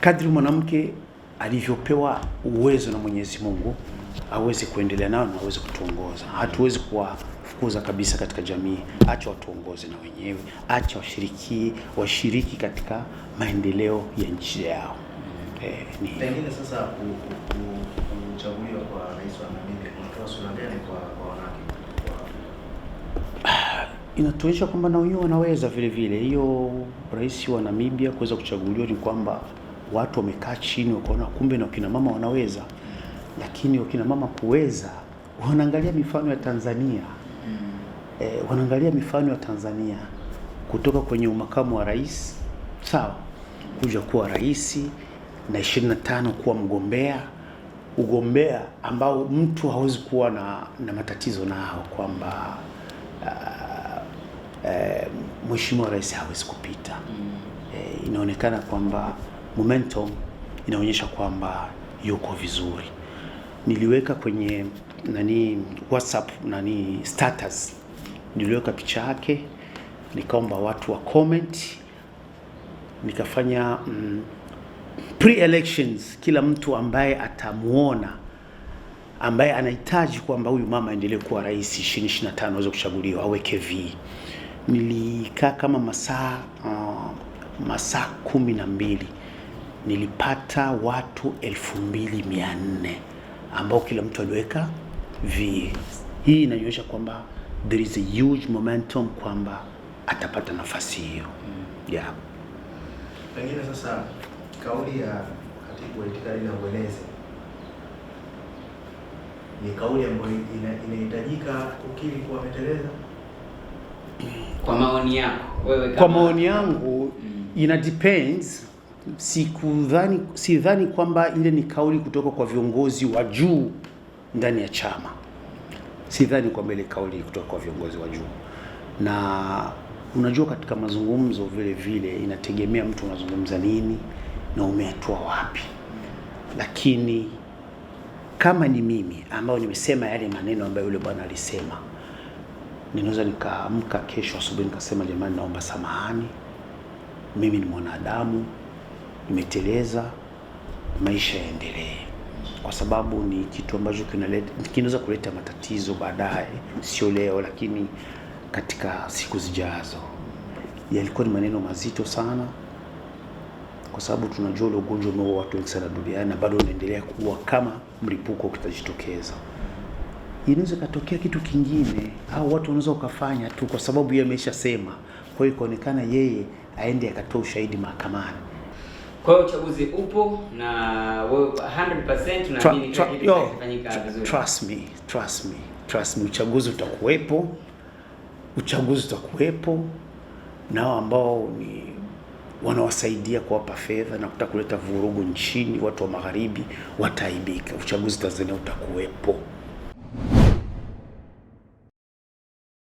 kadri mwanamke alivyopewa uwezo na Mwenyezi Mungu aweze kuendelea nao na aweze kutuongoza. Hatuwezi kuwafukuza kabisa katika jamii, acha watuongoze na wenyewe, acha washiriki washiriki katika maendeleo ya nchi yao. Mm-hmm. Eh, ni pengine sasa kuchaguliwa kwa rais wa Namibia kunatoa sura gani kwa kwa wanawake? Ah, inatuonyesha kwamba na wenyewe wanaweza vile vile. Hiyo rais wa Namibia kuweza kuchaguliwa ni kwamba watu wamekaa chini wakaona kumbe na wakina mama wanaweza. Lakini wakina mama kuweza, wanaangalia mifano ya Tanzania mm. E, wanaangalia mifano ya Tanzania kutoka kwenye umakamu wa rais sawa, kuja kuwa rais na 25 kuwa mgombea ugombea ambao mtu hawezi kuwa na, na matatizo nao kwamba uh, uh, mheshimiwa rais hawezi kupita mm. E, inaonekana kwamba momentum inaonyesha kwamba yuko vizuri. Niliweka kwenye nani WhatsApp nani status, niliweka picha yake, nikaomba watu wa comment, nikafanya mm, pre-elections. Kila mtu ambaye atamuona ambaye anahitaji kwamba huyu mama aendelee kuwa rais 2025 aweze kuchaguliwa aweke v. Nilikaa kama masaa uh, masaa kumi na mbili nilipata watu elfu mbili mia nne ambao kila mtu aliweka v Hii inaonyesha kwamba there is a huge momentum kwamba atapata nafasi hiyo mm. yeah. Pengine sasa kauli ya katibu wa itikadi na uenezi ni kauli ambayo inahitajika kukiri kuwa ameteleza. Kwa maoni yako wewe, kwa maoni yangu mm. ina depends sikudhani, sidhani kwamba ile ni kauli kutoka kwa viongozi wa juu ndani ya chama. Sidhani kwamba ile kauli kutoka kwa viongozi wa juu, na unajua, katika mazungumzo vile vile inategemea mtu unazungumza nini na umeatua wapi, lakini kama ni mimi ambayo nimesema yale maneno ambayo yule bwana alisema, ninaweza nikaamka kesho asubuhi nikasema, jamani, naomba samahani, mimi ni mwanadamu imeteleza, maisha yaendelee, kwa sababu ni kitu ambacho kinaweza kuleta matatizo baadaye, sio leo, lakini katika siku zijazo. Yalikuwa ni maneno mazito sana, kwa sababu tunajua ule ugonjwa umeua watu wengi sana duniani na bado unaendelea kuwa, kama mlipuko kitajitokeza inaweza ikatokea kitu kingine, au watu wanaweza ukafanya tu, kwa sababu yeye ameshasema. Kwa hiyo ikaonekana yeye aende akatoa ushahidi mahakamani. Kwa hiyo uchaguzi upo na 100% tunaamini kila kitafanyika Trust me, trust me, trust me, uchaguzi utakuwepo, uchaguzi utakuwepo na ambao ni wanawasaidia kuwapa fedha na kutakuleta vurugu nchini, watu wa magharibi wataaibika. Uchaguzi Tanzania utakuwepo.